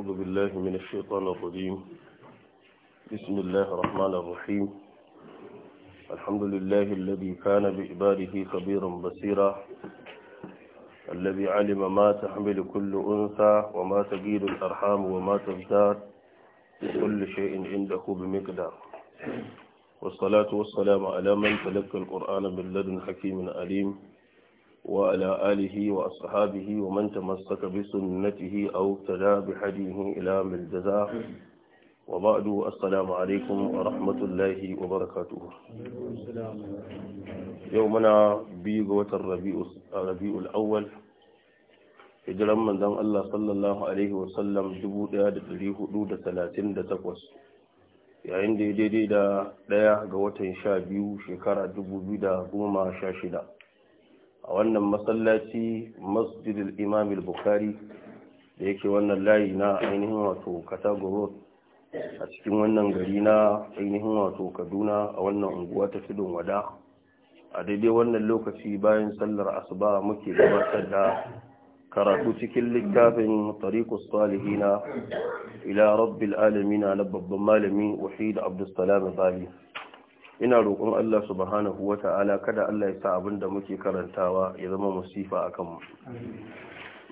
أعوذ بالله من الشيطان الرجيم بسم الله الرحمن الرحيم الحمد لله الذي كان بإباده خبيرا بصيرا الذي علم ما تحمل كل أنثى وما تجيل الأرحام وما تزداد كل شيء عنده بمقدار والصلاة والسلام على من تلقى القرآن من لدن حكيم أليم وعلى آله وأصحابه ومن تمسك بسنته أو اقتدى بحديه إلى ملجزاء وبعد السلام عليكم ورحمة الله وبركاته يومنا بيغوة الربيع الربيع الأول hijiran manzon Allah sallallahu Alaihi wasallam 1438 yayin da daidai da ɗaya ga watan sha biyu shekara 2016 a wannan masallaci masjidil imam al-bukhari da yake wannan layi na ainihin wato katagoro a cikin wannan gari na ainihin wato kaduna a wannan unguwa ta tudun wada a daidai wannan lokaci bayan sallar asuba muke gabatar da karatu cikin littafin tariqus salihina ila rabbil alamina na babban malami wahid abdussalam bali ina roƙon Allah subhanahu wata'ala ta'ala kada Allah ya sa abin da muke karantawa ya zama musifa a kanmu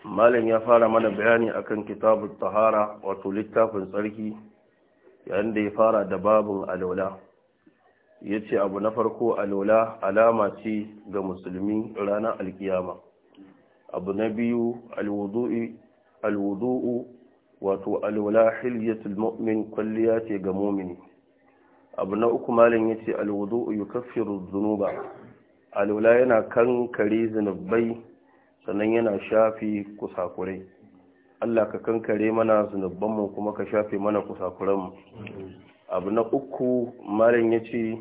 malam ya fara mana bayani akan kitabun tahara wato littafin tsarki yayin da ya fara da babun alola ya ce abu na farko alola alama ce ga musulmi ranar alkiyama abu na biyu alwudu'u wato alola hilyatul mu'min kwalliya ce ga mumini abu na uku malin ya ce alwudu yukaffiru zunuba alwula yana kankare zunubai sannan yana shafi kusakurai Allah ka kankare mana zunubanmu kuma ka shafe mana kusakuranmu abu na uku malin ya ce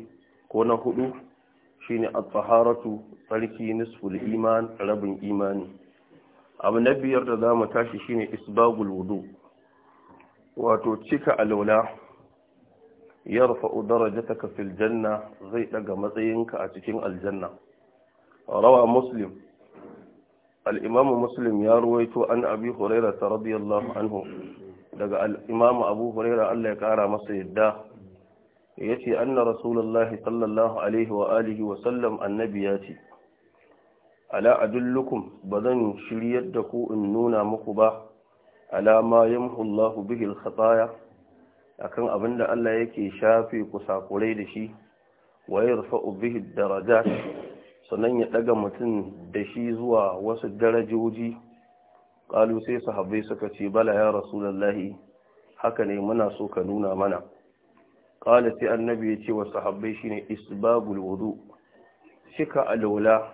ko na hudu shi ne taharatu tsarki nisful iman rabin imani abu na biyar da za mu tashi shi ne isbagul wudu wato cika alwula fa'u darajataka fil janna zai daga matsayinka a cikin aljanna rawa muslim al muslim ya ruwaito an abi huraira radiyallahu anhu daga al abu huraira Allah ya kara masa yadda yace anna Rasulallah sallallahu alaihi wa alihi wa sallam annabi yace ala adullukum zan shiryar da ku in nuna muku ba ala ma yamhu Allahu bihi al-khataya akan abin da Allah yake shafe kusakurai da shi wa yarfa'u bihi darajat sannan ya daga mutum da shi zuwa wasu darajoji qalu sai sahabbai suka ce bala ya rasulullahi haka ne muna so ka nuna mana qala sai annabi ya ce wa sahabbai shine isbabul wudu shika alwala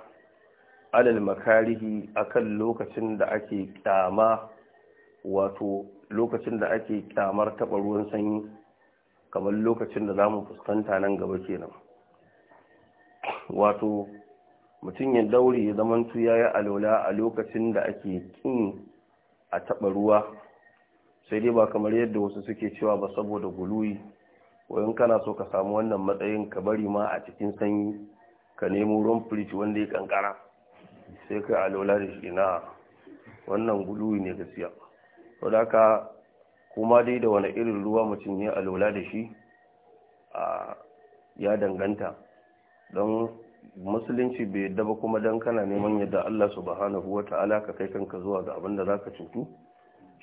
alal makarihi akan lokacin da ake ƙyama, wato lokacin da ake kyamar taɓa ruwan sanyi kamar lokacin da za mu fuskanta nan gaba kenan wato mutum ya daure ya zamantu ya yi alola a lokacin da ake kin a taɓa ruwa sai dai ba kamar yadda wasu suke cewa ba saboda guluyi wayan kana so ka samu wannan matsayin ka bari ma a cikin sanyi ka nemo ruwan firiji wanda ya kankara sai ka alola da shi na wannan guluyi ne gaskiya sadaka kuma dai da wani irin ruwa mutum ya alola da shi ya danganta don musulunci bai yadda ba kuma don kana neman yadda Allah subhanahu wa ta'ala ka kai kanka zuwa ga abin da za ka cutu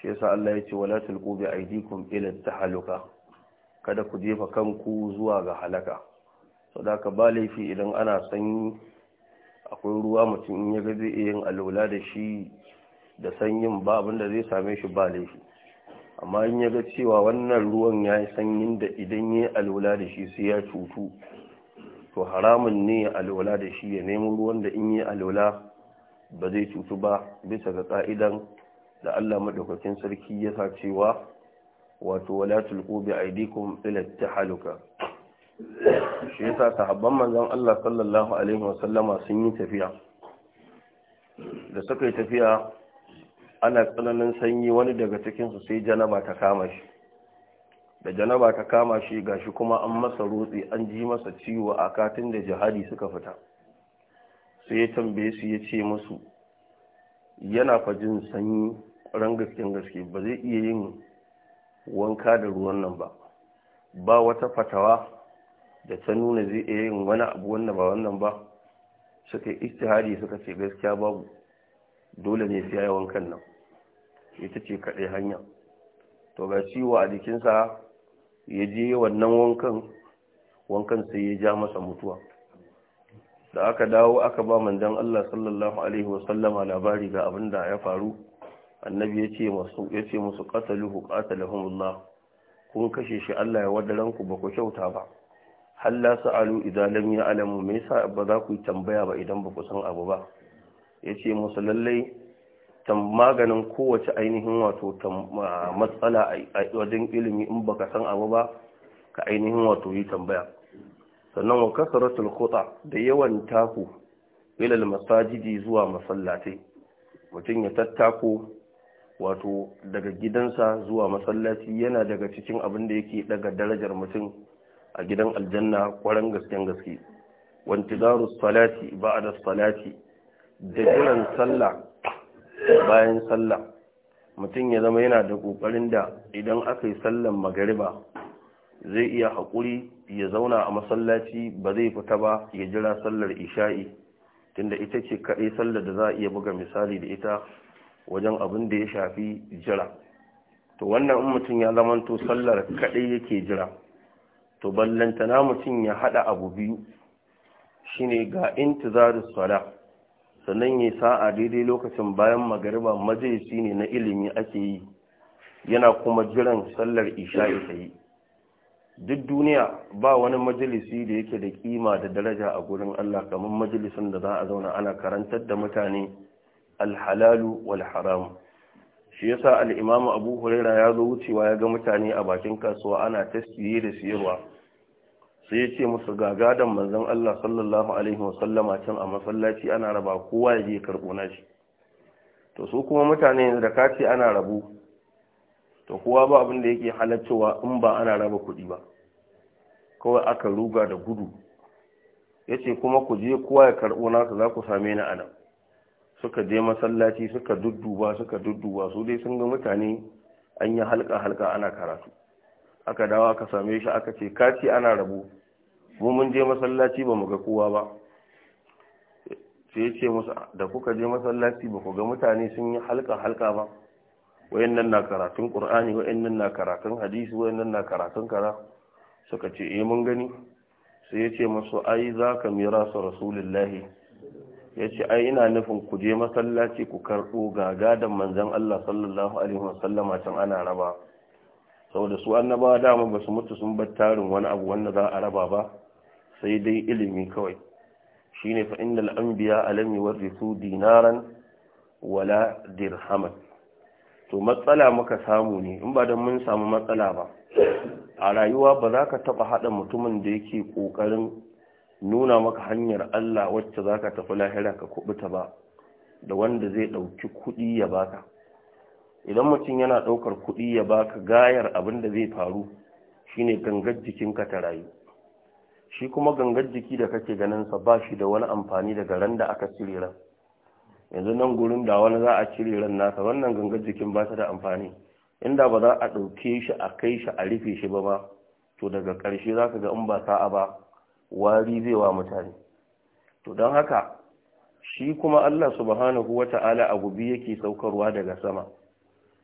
shi yasa Allah ya ce wala tulqu bi aydikum ila tahaluka kada ku jefa kanku zuwa ga halaka sadaka ba laifi idan ana sanyi akwai ruwa mutum in ya ga zai yin alola da shi da sanyin ba abin da zai same shi ba laifi amma in ya ga cewa wannan ruwan ya yi sanyin da idan ya alwala da shi sai ya cutu to haramun ne ya alwala da shi ya nemi ruwan da in ya alwala ba zai cutu ba bisa ga ka'idan da Allah madaukakin sarki ya sa cewa wato wala tulqu bi aidikum ila tahaluka shi yasa sahabban manzon Allah sallallahu alaihi wasallama sun yi tafiya da suka yi tafiya ana tsananin sanyi wani daga cikinsu sai janaba ta kama shi da janaba ta kama shi gashi kuma an masa rotsi an ji masa ciwo a katin da jihadi suka fita sai ya tambaye su ya ce musu yana fajin sanyi ran gaskin gaske ba zai iya yin wanka da ruwan nan ba ba wata fatawa da ta nuna zai iya yin wani abu wannan ba wannan ba suka istihari suka ce gaskiya babu dole ne siya yawan kan nan ita ce kaɗai hanya to ga ciwo a jikinsa ya je wannan wankan wankan sai ya ja masa mutuwa da aka dawo aka ba manjan Allah sallallahu alaihi wasallama labari ga abin da ya faru annabi ya ce musu ya ce musu qataluhu qatalahumullah kun kashe shi Allah ya wadaran ku ba ku kyauta ba halla sa'alu idan ya alamu me yasa ba za ku yi tambaya ba idan ba ku san abu ba ya ce musu lallai maganin kowace ainihin wato matsala a wajen ilimi in baka san abu ba ka ainihin wato yi tambaya sannan wa kasaratul khuta da yawan taku ilal masajidi zuwa masallatai mutum ya tattako wato daga gidansa zuwa masallaci yana daga cikin abin da yake daga darajar mutum a gidan aljanna kwaran gasken gaske zaru salati da salati da jiran sallah bayan sallah mutum ya zama yana da ƙoƙarin da idan aka yi sallan magariba zai iya haƙuri ya zauna a masallaci ba zai fita ba ya jira sallar isha'i tunda ita ce kaɗai sallar da za a iya buga misali da ita wajen abin da ya shafi jira to wannan in mutum ya zamanto sallar kaɗai yake jira to ballantana mutum ya haɗa abu biyu shine ga intizarin sala sannan ya sa'a daidai lokacin bayan magariba majalisi ne na ilimi ake yi yana kuma jiran sallar isha ita yi duk duniya ba wani majalisi da yake da kima da daraja a gurin Allah kamar majalisin da za a zauna ana karantar da mutane alhalalu wal haram shi yasa al-imamu abu huraira ya zo wucewa ya ga mutane a bakin kasuwa ana tasiri da siyarwa sai ya ce musu gagadan gadon manzon Allah sallallahu alaihi a can a masallaci ana raba kowa ya je karbo shi to su kuma mutane da ka ce ana rabu to kowa ba abin da yake halaccewa in ba ana raba kuɗi ba kawai aka ruga da gudu ya ce kuma ku je kowa ya karɓo su za ku same ni a suka je masallaci suka dudduba suka dudduba su dai sun ga mutane an yi halka halka ana karatu aka dawo aka same shi aka ce kaci ana rabu mu mun je masallaci ba mu ga kowa ba sai ce musu da kuka je masallaci ba ku ga mutane sun yi halka halka ba wayannan na karatun qur'ani wayannan na karatun hadisi wayannan na karatun kara suka ce eh mun gani sai ya ce musu ai za ka mira su rasulullahi ya ce ai ina nufin ku je masallaci ku karbo gaga da manzon Allah sallallahu alaihi wasallama can ana raba saboda su annabawa dama ba su mutu sun bar tarin wani abu wanda za a raba ba sai dai ilimi kawai shine fa innal alami alam su dinaran wala dirhaman to matsala muka samu ne in ba don mun samu matsala ba a rayuwa ba za ka taɓa haɗa mutumin da yake ƙoƙarin nuna maka hanyar Allah wacce za ka tafi lahira ka kubuta ba da wanda zai ɗauki kuɗi ya baka idan mutum yana ɗaukar kuɗi ya baka gayar abin da zai faru shine gangar jikinka ta rayu shi kuma gangar jiki da kake ganin sa ba shi da wani amfani daga ran da aka cire ran yanzu nan gurin da wani za a cire ran nasa wannan gangar jikin ba ta da amfani inda ba za a ɗauke shi a kai shi a rufe shi ba ba to daga ƙarshe za ka ga in ba sa'a ba wari zai wa mutane to don haka shi kuma Allah subhanahu wa ta'ala a gubi yake saukarwa daga sama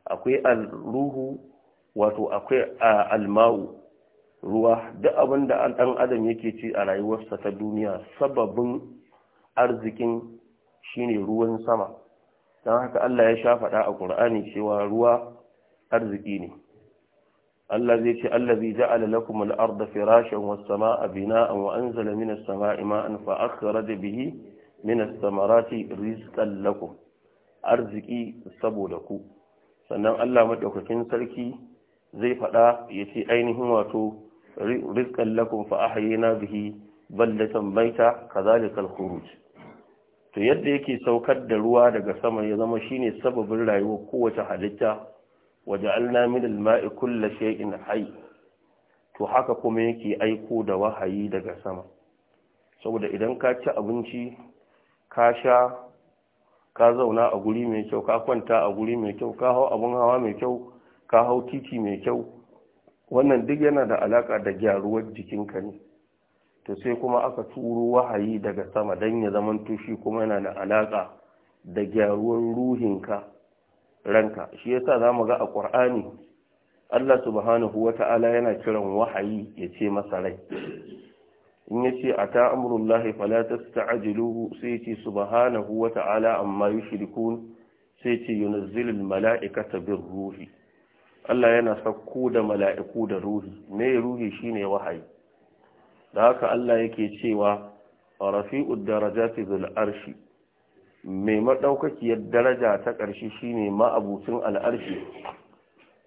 akwai alruhu wato akwai alma'u ruwa duk abin da ɗan adam yake ci a rayuwarsa ta duniya sababin arzikin shine ruwan sama don haka Allah ya sha faɗa a ƙur'ani cewa ruwa arziki ne Allah zai ce Allah zai ja'ala lakum al-ardha firashan was-samaa'a binaa'an wa anzala minas samaa'i ma'an fa akhraja bihi minas samarati rizqan lakum arziki saboda ku sannan Allah madaukakin sarki zai faɗa ya ce ainihin wato rizqan lakum fa ahyina bihi ballatan baita kadhalika al-khuruj to yadda yake saukar da ruwa daga sama ya zama shine sababin rayuwar kowace halitta waja'alna min al-ma'i kulli shay'in hayy to haka kuma yake aiko da wahayi daga sama saboda idan ka ci abinci ka sha ka zauna a guri mai kyau ka kwanta a guri mai kyau ka hau abin hawa mai kyau ka hau titi mai kyau wannan duk yana da alaka da gyaruwar jikinka ne to sai kuma aka turo wahayi daga sama don ya zaman tushi kuma yana da alaka da gyaruwar ruhinka ranka shi yasa za mu ga a ƙwar'ani Allah subhanahu wa ta'ala yana kiran wahayi ya ce masa rai in ya ce a ta amurullahi falatas ta'ajiluhu sai ce subhanahu wa ta'ala amma yi shirikun sai ce yunazzilin mala'ikata bin ruhi Allah yana sakko da mala'iku da ruhi me ruhi shine wahayi da haka Allah yake cewa rafi'ud darajati zul zul’arshi, mai maɗaukakiyar daraja ta ƙarshe shine ma'abucin al'arshi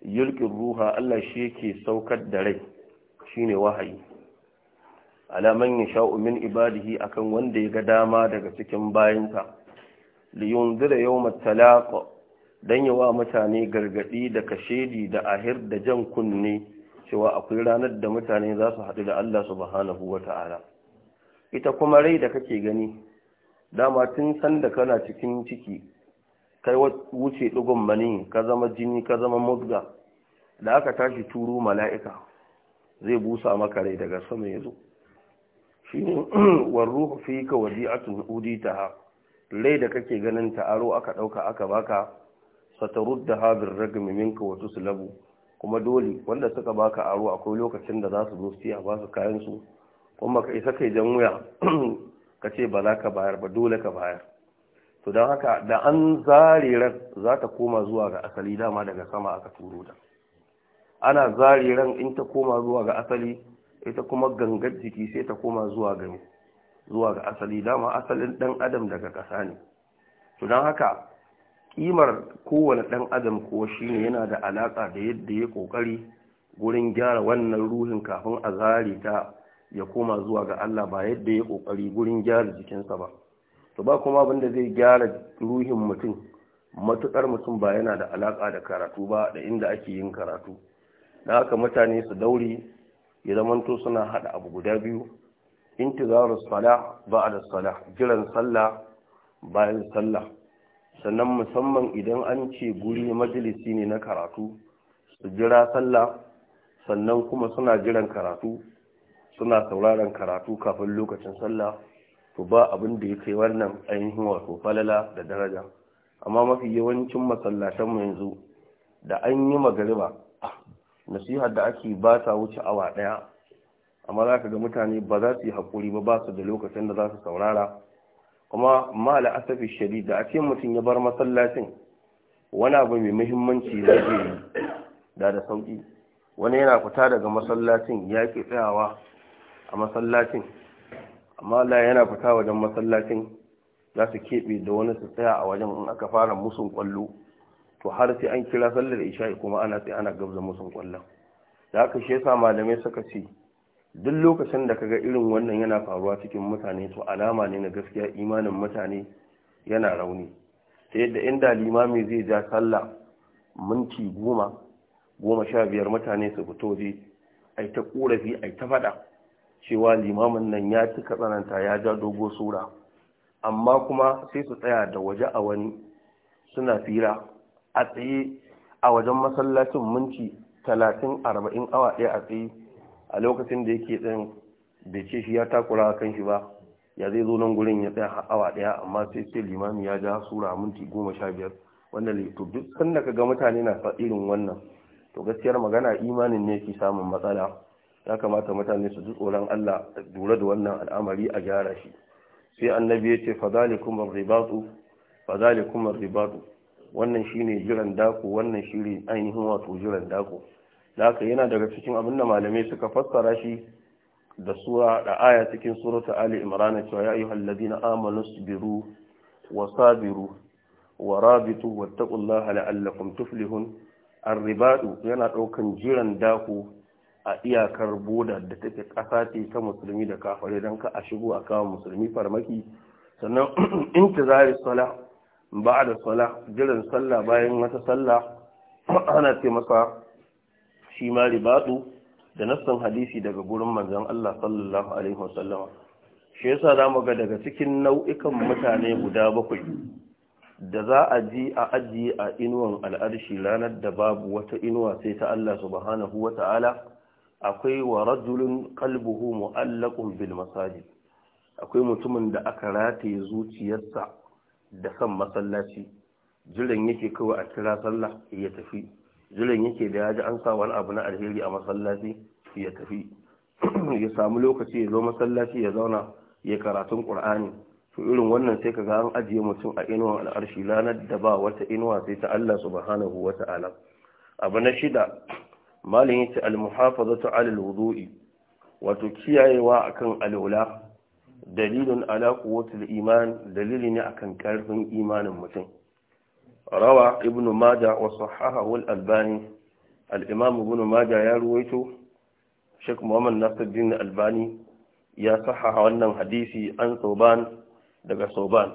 yulkin ruha Allah shi yake saukar da rai shine wahayi alaman ya sha'u min ibadihi akan wanda ya ga dama daga cikin bayansa liyun zira yau don wa mutane gargaɗi da kashedi da ahir da jan kunne cewa akwai ranar da mutane za su haɗu da Allah subhanahu wa ta'ala ita kuma rai da kake gani dama tun sanda kana cikin ciki kai wuce ɗigon mani ka zama jini ka zama musga da aka tashi turu mala'ika zai busa maka rai daga sama ya zo shi ne warruhu fi ka wadi'atun ta? rai da kake ganin ta aro aka ɗauka aka baka da hadin ragami minka wa tuslabu kuma dole wanda suka baka aro akwai lokacin da za su zo su a ba su kayan su kuma ka isa kai jan wuya ka ce ba za ka bayar ba dole ka bayar to don haka da an zare ran za ta koma zuwa ga asali dama daga sama aka turo da, ana zare ran in ta koma zuwa ga asali ita kuma gangar jiki sai ta koma zuwa ga zuwa ga asali dama asalin dan adam daga ƙasa ne to don haka kimar kowane ɗan adam kuwa shine yana da alaƙa da yadda ya ƙoƙari gurin gyara wannan ruhin kafin a zare ta ya koma zuwa ga Allah ba yadda ya ƙoƙari gurin gyara jikinsa ba to ba kuma abin da zai gyara ruhin mutum matuƙar mutum ba yana da alaƙa da karatu ba da inda ake yin karatu da haka mutane su daure ya zamanto suna haɗa abu guda biyu intizarar salah ba'da salah jiran sallah bayan sallah sannan musamman idan an ce guri majalisi ne na karatu su jira sallah sannan kuma suna jiran karatu suna sauraron karatu kafin lokacin sallah to ba abin da ya kai wannan ainihin wato falala da daraja amma mafi yawancin masallatanmu yanzu da an yi magariba ah, nasiha da ake ba ta wuce awa ɗaya amma za ka ga mutane ba za su yi haƙuri ba ba su da lokacin da za su saurara kuma mala asafi shari da a ce mutum ya bar masallacin wani abu mai muhimmanci zai yi da da sauki wani yana fita daga masallacin ya ke tsayawa a masallacin amma la yana fita wajen masallacin za su keɓe da wani su tsaya a wajen in aka fara musun kwallo to har sai an kira sallar isha'i kuma ana sai ana gabza musun kwallon da haka shi yasa malamai suka ce duk lokacin da kaga irin wannan yana faruwa cikin mutane to alama ne na gaskiya imanin mutane yana rauni ta yadda inda limami zai ja sallah minti goma goma sha biyar mutane su fito zai ai ta korafi ai ta faɗa cewa limamin nan ya cika tsananta ya ja dogo sura amma kuma sai su tsaya da waje a wani suna fira a tsaye a wajen masallacin minti talatin arba'in awa ɗaya a tsaye a lokacin da yake ɗin bai ce shi ya takura a kan shi ba ya zai zo nan gurin ya tsaya awa ɗaya amma sai ce limami ya ja sura minti goma sha biyar wanda to duk sanda ka ga mutane na sa irin wannan to gaskiyar magana imanin ne ke samun matsala ya kamata mutane su ji tsoron Allah lura da wannan al'amari a gyara shi sai annabi ya ce fadalikum ar-ribatu fadalikum ar-ribatu wannan shine jiran dako wannan ne ainihin wato jiran dako da haka yana daga cikin abin da malamai suka fassara shi da sura da aya cikin surata ali imran cewa ya ayyuhal ladina amanu sabiru wa sabiru wa rabitu wattaqullaha la'allakum tuflihun arribadu yana daukan jiran dako a iyakar boda da take kasa ce ta musulmi da kafare don ka a shigo a kawo musulmi farmaki sannan intizari sala ba da sala jiran sallah bayan wata sallah ana ce masa shi ma ribadu da nassan hadisi daga gurin manzan Allah sallallahu alaihi wasallama shi yasa zamu ga daga cikin nau'ikan mutane guda bakwai da za a ji a ajiye a inuwan al'arshi ranar da babu wata inuwa sai ta Allah subhanahu wa ta'ala akwai wa rajulun kalbuhu mu'allaqun bil masajid akwai mutumin da aka rataye zuciyarsa da kan masallaci jiran yake kawai a kira sallah ya tafi jiran yake da ya ji an sa wani abu na alheri a masallaci ya tafi ya samu lokaci ya zo masallaci ya zauna ya karatun qur'ani to irin wannan sai ka an ajiye mutum a inuwan al'arshi lanar da ba wata inuwa sai ta Allah subhanahu wa ta'ala abu na shida malin yace al-muhafazatu 'ala al-wudu'i wato kiyayewa akan alula dalilun ala quwwatil iman dalili ne akan karfin imanin mutum rawa ibn maja wa sahahahu albani al-imam ibn maja ya ruwaito Sheikh Muhammad Nasiruddin Albani ya sahaha wannan hadisi an Sauban daga Sauban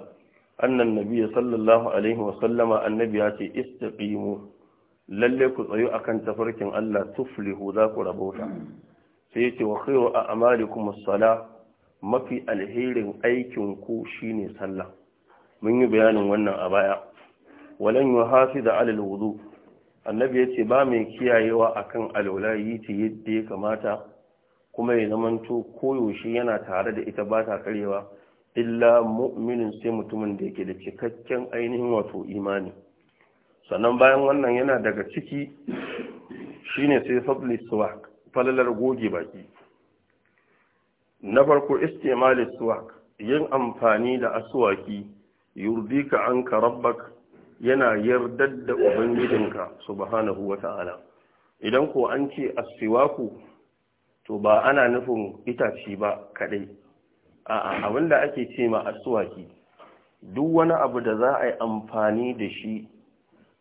annan nabi sallallahu alaihi wa sallama annabi ya ce mu, lallai ku tsayu a kan tafarkin Allah tuflihu za ku rabota sai yace wa khairu a'malikum as mafi alherin aikin ku shine sallah mun yi bayanin wannan a baya walan yuhafiz ala alwudu annabi yace ba mai kiyayewa akan alwala ta yadda ya kamata kuma ya zamanto koyaushe yana tare da ita ba ta karewa illa mu'minin sai mutumin da yake da cikakken ainihin wato imani sannan bayan wannan yana daga ciki shine sai fadli suwak falalar goge baki na farko istimali suwak yin amfani da aswaki yurdika anka rabbaka yana yardar da ubangijinka subhanahu wata'ala idan ko an ce asiwaku to ba ana nufin itace ba kadai a'a abinda ake ce ma asuwaki. duk wani abu da za a yi amfani da shi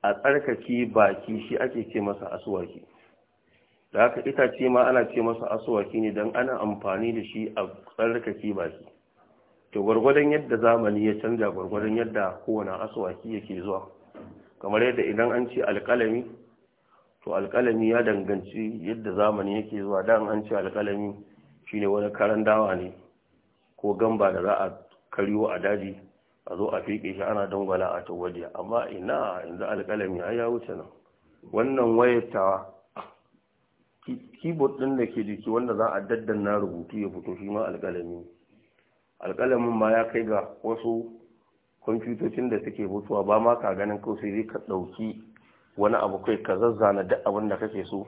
a tsarkake baki shi ake ce masa asuwaki. da haka itace ma ana ce masa asuwaki ne don ana amfani da shi a tsarkake baki to gwargwadon yadda zamani ya canja gwargwadon yadda kowane asuwaki yake zuwa kamar yadda idan an ce alkalami to alkalami ya danganci yadda zamani yake zuwa da an ce alkalami shine wani karan dawa ne ko gamba da za a karyo a daji a zo a fiƙe shi ana dangwala a tawaje amma ina yanzu alkalami, ai ya wuce nan wannan wayatawa keyboard ɗin da ke jiki wanda za a daddanna rubutu ya fito shi ma ne alƙalamin ma ya kai ga wasu kwamfutocin da suke mutuwa ba ma ka ganin kawai sai ka ɗauki wani abu kai ka zazzana duk abin da kake so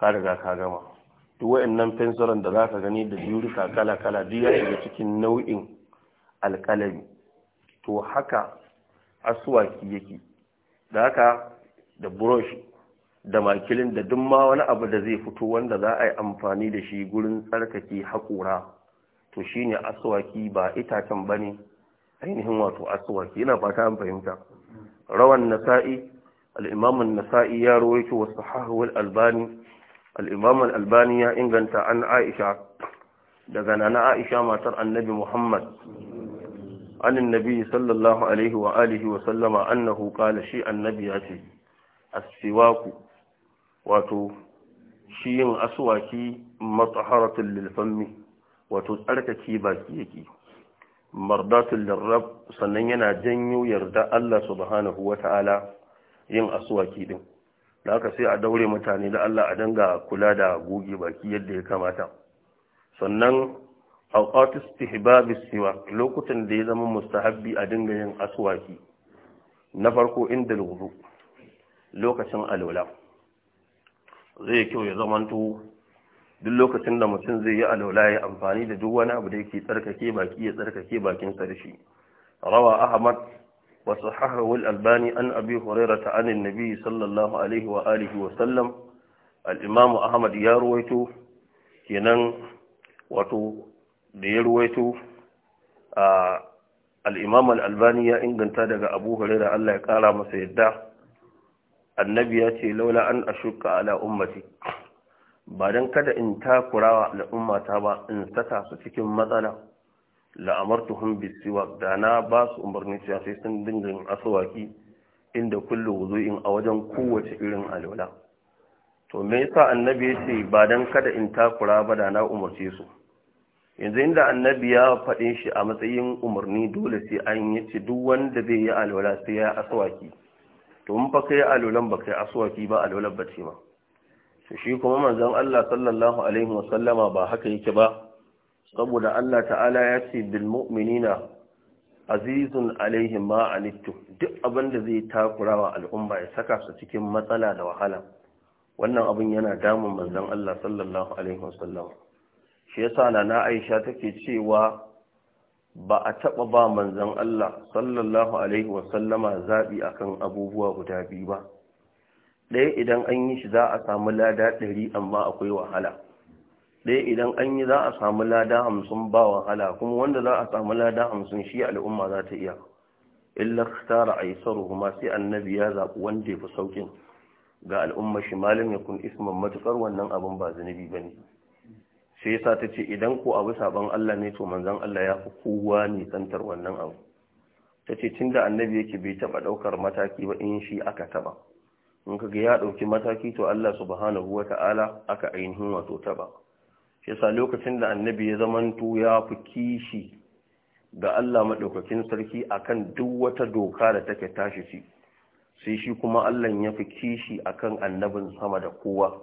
ka riga ka gama duk wa'annan fensuran da za ka gani da yurika kala-kala duk ya cikin nau'in alƙalami to haka asuwaki yake da haka da brush da makilin da duk ma wani abu da zai fito wanda za a yi amfani da shi gurin tsarkake haƙura to shi ne aswaki ba itacen ba ne ainihin wato aswaki yana fata an fahimta rawan nasa'i al-imam an-nasa'i ya rawaito wa sahahu al-albani al albani ya inganta an aisha daga nana aisha matar annabi muhammad sallallahu عن النبي صلى الله عليه وآله وسلم أنه قال شيء النبي ياتي السواك واتو شيء أسواكي مطهرة للفم wato tsarkake baki yake mardatul lirrab sannan yana janyo yarda Allah subhanahu wata'ala yin aswaki din da haka sai a daure mutane da Allah a danga kula da goge baki yadda ya kamata sannan awqat istihbab siwa lokutan da ya zama mustahabbi a dinga yin aswaki na farko inda lokacin alwala zai kyau ya zamanto duk lokacin da mutum zai yi alwala ya amfani da duk wani abu da yake tsarkake baki ya tsarkake bakin sarshi rawa ahmad wa sahahu wal albani an abi hurairah an nabi sallallahu alaihi wa alihi wa sallam al-imam ahmad ya ruwaito kenan wato da ya ruwaito a al-imam al-albani ya inganta daga abu hurairah Allah ya kara masa yadda annabi ya ce laula an ashuka ala ummati ba don kada in takurawa al'ummata ba in saka su cikin matsala tuhun bisiwa da na ba su umarni cewa sai sun dinga asuwaki inda kullum wuzu'in a wajen kowace irin alwala to me yasa annabi ya ce ba don kada in takura ba da na umarce su yanzu inda annabi ya faɗe shi a matsayin umarni dole sai an yi ci duk wanda zai yi alola sai ya asawaki to mun fa kai alolan ba kai asawaki ba alolan ba ce ma shi kuma manzon Allah sallallahu alaihi wasallama ba haka yake ba saboda Allah ta'ala ya ce bil mu'minina azizun alaihim ma anittu duk abin da zai takurawa al'umma ya saka su cikin matsala da wahala wannan abin yana damun manzon Allah sallallahu alaihi wasallama shi yasa na Aisha take cewa ba a taba ba manzon Allah sallallahu alaihi wasallama zabi akan abubuwa guda biyu ba ɗaya idan an yi shi za a samu lada ɗari amma akwai wahala ɗaya idan an yi za a samu lada hamsin ba wahala kuma wanda za a samu lada hamsin shi al'umma za ta iya illa tara a yi kuma sai annabi ya zaɓi wanda ya fi sauƙin ga al'umma shi malam ya kun isman matuƙar wannan abin ba zunubi ba ne sai yasa ta ce idan ko abu saban Allah ne to manzan Allah ya fi kowa nisantar wannan abu ta ce tun da annabi yake bai taɓa ɗaukar mataki ba in shi aka taɓa in kaga ya dauki mataki to Allah subhanahu wata'ala aka ainihin wato taba shi yasa lokacin da annabi ya zamanto ya fi kishi ga Allah madaukakin sarki akan duk wata doka da take tashi ci sai shi kuma Allah ya fi kishi akan annabin sama da kowa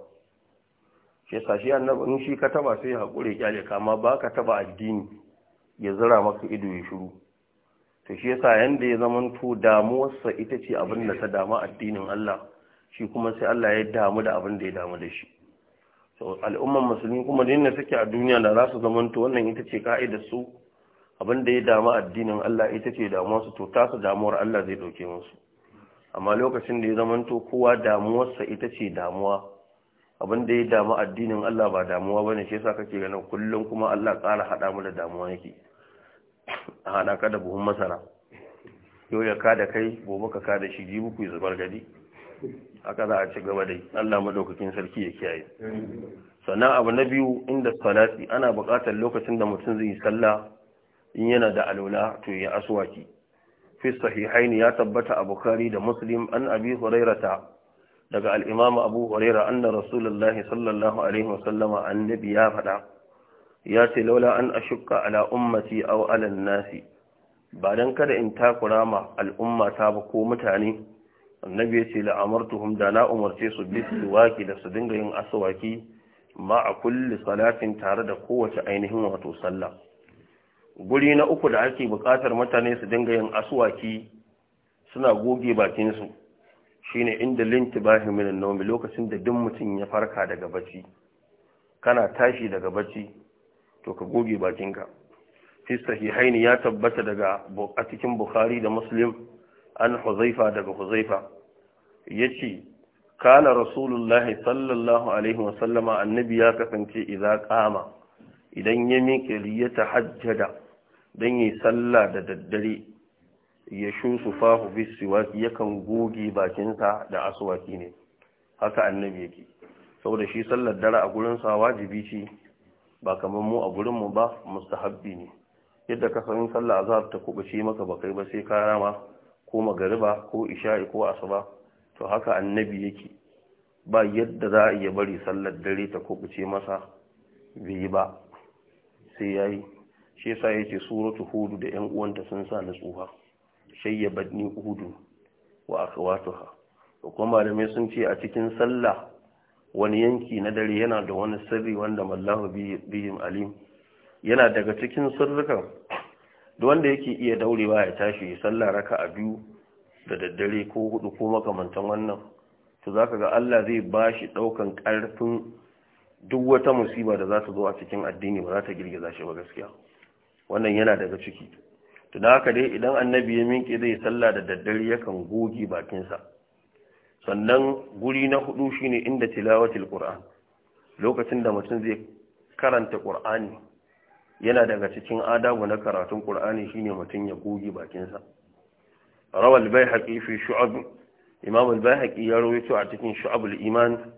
shi yasa shi annabin shi ka taba sai hakuri kyale kama ba ka taba addini ya zura maka ido ya shiru to shi yasa yanda ya zamanto damuwarsa ita ce abin da ta dama addinin Allah shi kuma sai Allah ya damu da abin da ya damu da shi so al'umman musulmi kuma da yadda take a duniya da za su to wannan ita ce ka'idar su abin da ya damu addinin Allah ita ce damuwa su to su damuwar Allah zai dauke musu amma lokacin da ya to kowa damuwarsa ita ce damuwa abin da ya damu addinin Allah ba damuwa bane shi yasa kake ganin kullum kuma Allah kara hada mu da damuwa yake a hada ka da buhun masara yau ya ka da kai gobe ka ka da shi jibi ku zubar gadi haka za a ci gaba dai Allah madaukakin sarki ya kiyaye sannan abu na biyu inda salati ana buƙatar lokacin da mutum zai yi sallah in yana da alwala to ya aswaki fi sahihaini ya tabbata a Bukhari da Muslim an Abi Hurairata daga al-Imam Abu huraira anna Rasulullah sallallahu alaihi wasallama annabi ya faɗa ya ce laula an ashukka ala ummati aw ala nasi ba dan kada in takura ma al'umma ta ba ko mutane annabi ya ce la'amartuhum da na umarce su bi suwaki da su dinga yin aswaki ma a kulli salatin tare da kowace ainihin wato sallah guri na uku da ake bukatar mutane su dinga yin aswaki suna goge bakinsu shine inda lintibahi min minan lokacin da duk mutum ya farka daga bacci kana tashi daga bacci to ka goge bakinka fi sahihaini ya tabbata daga a cikin bukhari da muslim an huzaifa daga huzaifa ya ce kana rasulullahi sallallahu alaihi wasallama annabi ya kasance idan kama idan ya miƙe ya tahajjada don yi sallah da daddare ya shusu fahu bisiwaki yakan goge bakinsa da asuwaki ne haka annabi yake saboda shi sallar dare a gurinsa wajibi ce ba kamar mu a gurin mu ba mustahabbi ne yadda ka san sallar azhar ta kubuce maka bakai ba sai ka rama ko magariba ko isha'i ko asuba to haka annabi yake ba yadda za a iya bari sallar dare ta kubuce masa bai ba sai yayi shi yasa yace suratu hudu da ƴan uwanta sun sa na tsufa shayyabni hudu wa akhawatuha to kuma malamai sun ce a cikin sallah wani yanki na dare yana da wani sirri wanda mallahu bihim alim yana daga cikin sirrukan wanda yake iya daurewa ya tashi ya raka a biyu da daddare ko hudu ko makamantan wannan to zaka ga Allah zai bashi daukan karfin duk wata musiba da za ta zo a cikin addini ba za ta girgiza shi ba gaskiya wannan yana daga ciki to da haka dai idan annabi ya minke zai sallah da daddare yakan goge bakinsa sannan guri na hudu shine inda tilawatul qur'an lokacin da mutum zai karanta qur'ani yana daga cikin adabu na karatun ƙur'ani shine mutum ya goge bakinsa rawal bai haƙi fi shu'ab imam ya rawaito a cikin shu'ab al-iman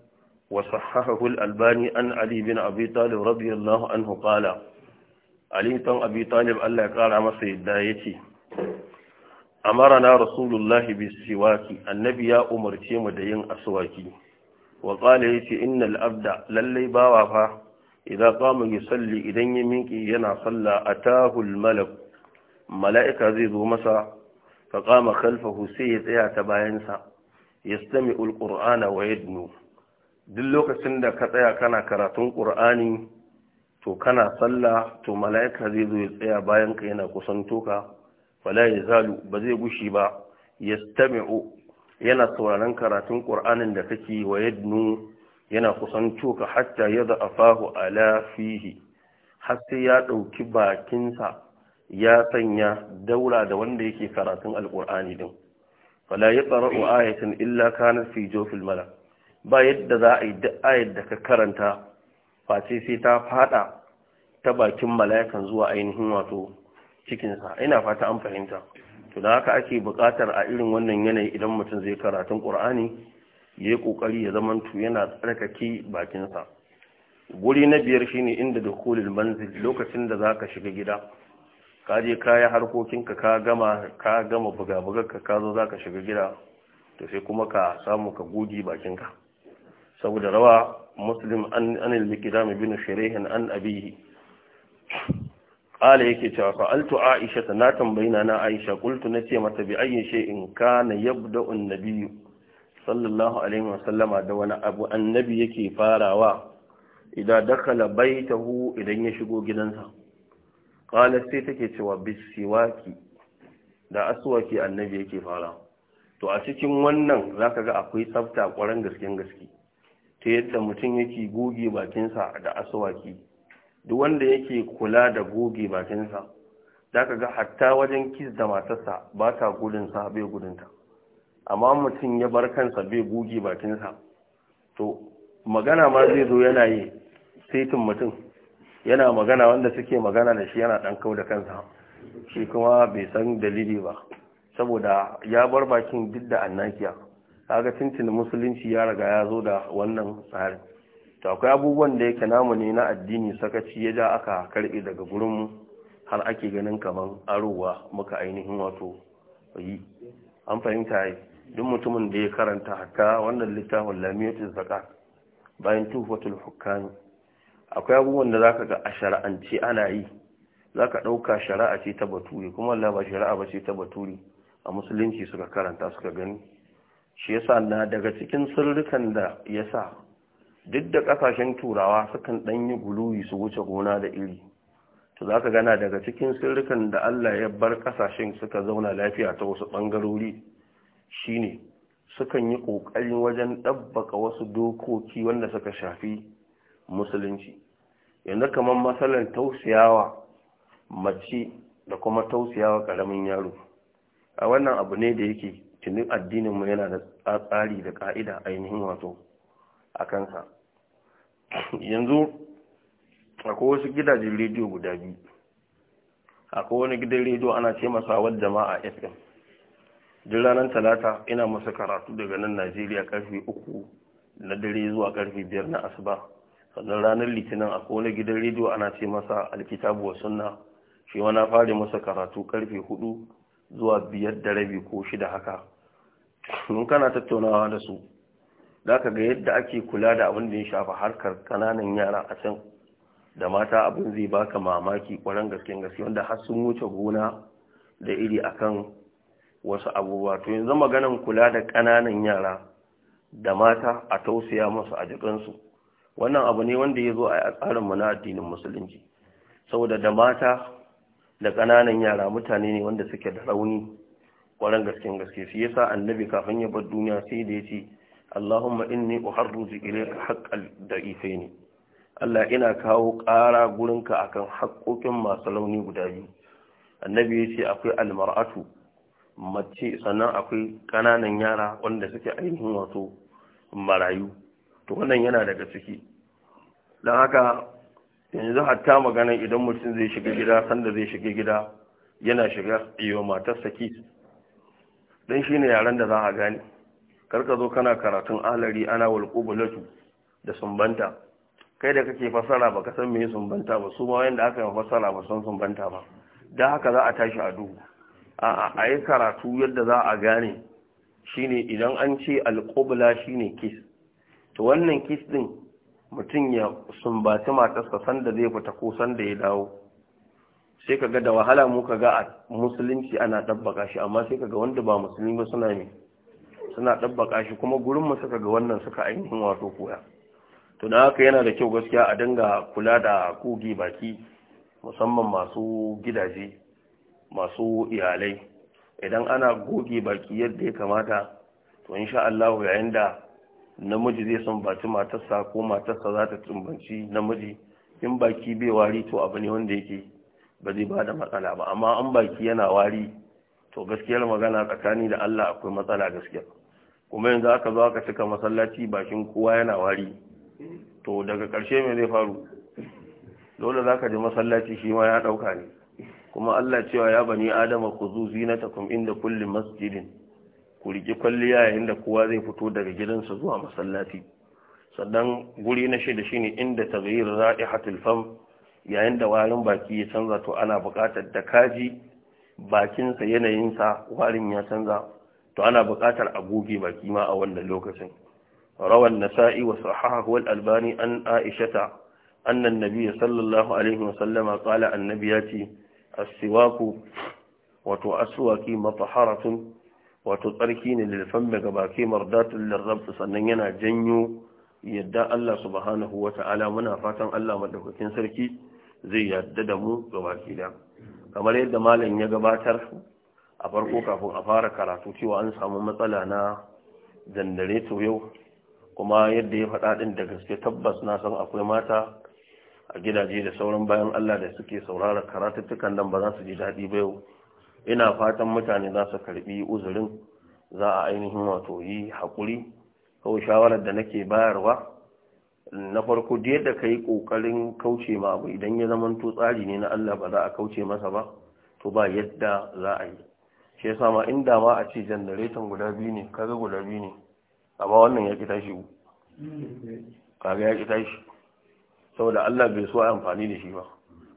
wa sahahahu al-albani an ali bin abi talib radiyallahu anhu qala ali abi talib Allah ya kara masa yadda yace amarana rasulullahi bi siwaki annabi ya umarce mu da yin aswaki wa qala yace innal abda lallai bawa fa idan kama yi salli idan ya minki yana salla a tahul malak mala'ika zai zo masa ka kama kalfahu sai ya tsaya ta bayansa ya stami ulƙur'ana wa yadnu duk lokacin da ka tsaya kana karatun ƙur'ani to kana salla to mala'ika zai zo ya tsaya bayan ka yana kusanto ka wala ya zalu ba zai gushi ba ya stami'u yana sauraron karatun ƙur'anin da kake wa yadnu yana kusan ka hatta ya da afahu ala fihi har sai ya ɗauki bakinsa ya sanya daura da wanda yake karatun alƙur'ani din fala ya tsara'u ayatin illa kanar fi jofil mala ba yadda za a yi duk ayat da ka karanta face sai ta fada ta bakin mala'ikan zuwa ainihin wato cikinsa ina fata an fahimta to da haka ake buƙatar a irin wannan yanayi idan mutum zai karatun ƙur'ani ya yi ya ya zamantu yana tsarkake bakinsa guri na biyar shine inda da kulil manzil lokacin da zaka shiga gida ka je ka yi harkokinka ka gama ka gama buga-bugarka ka zo za shiga gida to sai kuma ka samu ka goge bakinka saboda rawa muslim an al-mikdam bin shirihin an abihi qala yake cewa fa altu aisha na tambayina na aisha qultu nace mata bi ayyi shay'in kana yabda'u an-nabiyyu sallallahu alaihi wasallama da wani abu annabi yake farawa idan dakala baitahu idan ya shigo gidansa qala sai take cewa bisiwaki da aswaki annabi yake fara. to a cikin wannan zaka ga akwai tsafta ƙoran gasken gaske ta yadda mutum yake goge bakinsa da aswaki duk wanda yake kula da goge bakinsa zaka ga hatta wajen kis da matarsa ba ta gudun sa bai gudunta amma mutum ya bar kansa bai goge bakinsa to magana ma zai zo yana yi saitin mutum yana magana wanda suke magana da shi yana dan kau da kansa shi kuma bai san dalili ba saboda ya bar bakin duk da annakiya kaga tuntun musulunci ya riga ya zo da wannan tsarin to akwai abubuwan da yake namu ne na addini sakaci ya ja aka karbe daga gurinmu har ake ganin kaman arowa muka ainihin wato yi an fahimta yi duk mutumin da ya karanta haka wannan littafin lamiyatul zaka bayan tufatul hukami akwai abubuwan da zaka ga a shara'ance ana yi zaka ɗauka shari'a ce ta baturi kuma Allah ba shari'a ba ce ta baturi a musulunci suka karanta suka gani shi yasa na daga cikin sirrukan da yasa duk da kasashen turawa sukan dan yi guluyi su wuce gona da iri to zaka gana daga cikin sirrukan da Allah ya bar kasashen suka zauna lafiya ta wasu bangarori shine sukan yi ƙoƙarin wajen ɗabbaka wasu dokoki wanda suka shafi musulunci yanzu kamar matsalar tausiyawa mace da kuma tausiyawa ƙaramin yaro a wannan abu ne da yake tunin addininmu yana da tsari da ƙa'ida ainihin wato a kansa yanzu akwai wasu gidajen rediyo guda biyu akwai wani gidan rediyo ana ce masa wadda ma a fm duk ranar talata ina masa karatu daga nan najeriya karfe uku na dare zuwa karfe biyar na asuba sannan ranar litinin a kone gidan rediyo ana ce masa alkitabu wa sunna shi na fara masa karatu karfe hudu zuwa biyar da rabi ko shida haka mun kana tattaunawa da su da ka ga yadda ake kula da abin da ya shafa harkar kananan yara a can da mata abin zai baka mamaki kwaran gaske gaske wanda har sun wuce gona da iri akan wasu abubuwa to yanzu maganan kula da ƙananan yara da mata a tausaya masu a jikinsu wannan abu ne wanda ya zo a tsarinmu na addinin musulunci saboda da mata da ƙananan yara mutane ne wanda suke da rauni ƙwarar gaskin gaske shi yasa annabi kafin ya bar duniya sai da ya ce Allahumma inni haƙƙal ilayka haqqal da'ifaini Allah ina kawo ƙara gurinka akan haƙƙoƙin masu launi guda biyu annabi ya ce akwai almar'atu mace sannan akwai kananan yara wanda suke ainihin wato marayu to wannan yana daga ciki don haka yanzu hatta magana idan mutum zai shiga gida sanda zai shiga gida yana shiga iyo matarsa saki don shi ne yaren da za a gane karka zo kana karatun alari ana walƙubulatu da sumbanta kai da kake fasara baka san me sumbanta ba su ma wanda aka yi fasara ba san sumbanta ba da haka za a tashi a duhu a a yi karatu yadda za a gane shi ne idan an ce shi ne kis to wannan kis ɗin mutum ya sumbaci matarsa sanda zai fita ko sanda ya dawo sai kaga da wahala mu kaga a musulunci ana ɗabbaka shi amma sai kaga wanda ba musulmi ba suna ne suna ɗabbaka shi kuma gurin mu suka ga wannan suka ainihin wato koya to na haka yana da kyau gaskiya a dinga kula da kogi baki musamman masu gidaje masu iyalai idan ana goge baki yadda ya kamata to insha Allah yayin da namiji zai baki matarsa ko matarsa za ta tumbanci namiji in baki bai wari to abu ne wanda yake ba zai ba da matsala ba amma an baki yana wari to gaskiyar magana tsakani da Allah akwai matsala gaskiya kuma yanzu aka zo aka cika masallaci bakin kowa yana wari to daga ƙarshe me zai faru dole zaka je masallaci shi ma ya dauka ne kuma Allah cewa ya bani adama ku zu zinatakum inda kullum masjidin ku riki kwalliya yayin da kowa zai fito daga gidansa zuwa masallaci sannan guri na shida shine inda taghyir ra'ihatul fam yayin da warin baki ya canza to ana buƙatar da kaji bakinsa yanayinsa warin ya canza to ana buƙatar a goge baki ma a wannan lokacin rawan nasa'i wa sahahu wal albani an aishata anna annabiyyi sallallahu alaihi wa sallama qala asiwaku wato aswaki mataharatun wato tsarki ne lilfan daga baki mardatun lirrabtu sannan yana janyo yadda Allah subhanahu wa ta'ala muna fatan Allah madaukakin sarki zai yadda da mu gabaki da kamar yadda malam ya gabatar a farko kafin a fara karatu cewa an samu matsala na dandare to yau kuma yadda ya faɗa ɗin da gaske tabbas na san akwai mata a gidaje da sauran bayan Allah da suke saurara karatuttukan nan ba za su ji daɗi ba yau ina fatan mutane za su karbi uzurin za a ainihin wato yi haƙuri kawai shawarar da nake bayarwa na farko da yadda ka yi ƙoƙarin kauce ma abu idan ya zama to tsari ne na Allah ba za a kauce masa ba to ba yadda za a yi shi yasa ma inda ma a ce janareton guda biyu ne kaga guda biyu ne amma wannan ya ki tashi kaga ya ki tashi saboda Allah bai so a amfani da shi ba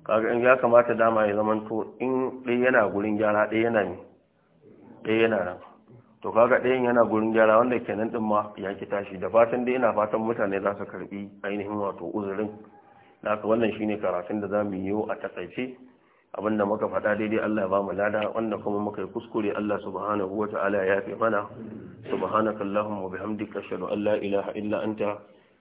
kaga in ya kamata dama ya zaman to in ɗaya yana gurin gyara ɗaya yana ne ɗaya yana nan to kaga ɗayan yana gurin gyara wanda kenan din ma ya ki tashi da fatan dai ina fatan mutane za su karbi ainihin wato uzurin haka wannan shine karatun da zamu yi a takaice abinda muka faɗa daidai Allah ya ba mu lada wanda kuma muka yi kuskure Allah subhanahu wataala ya yafe mana subhanakallahumma wa bihamdika ashhadu an la ilaha illa anta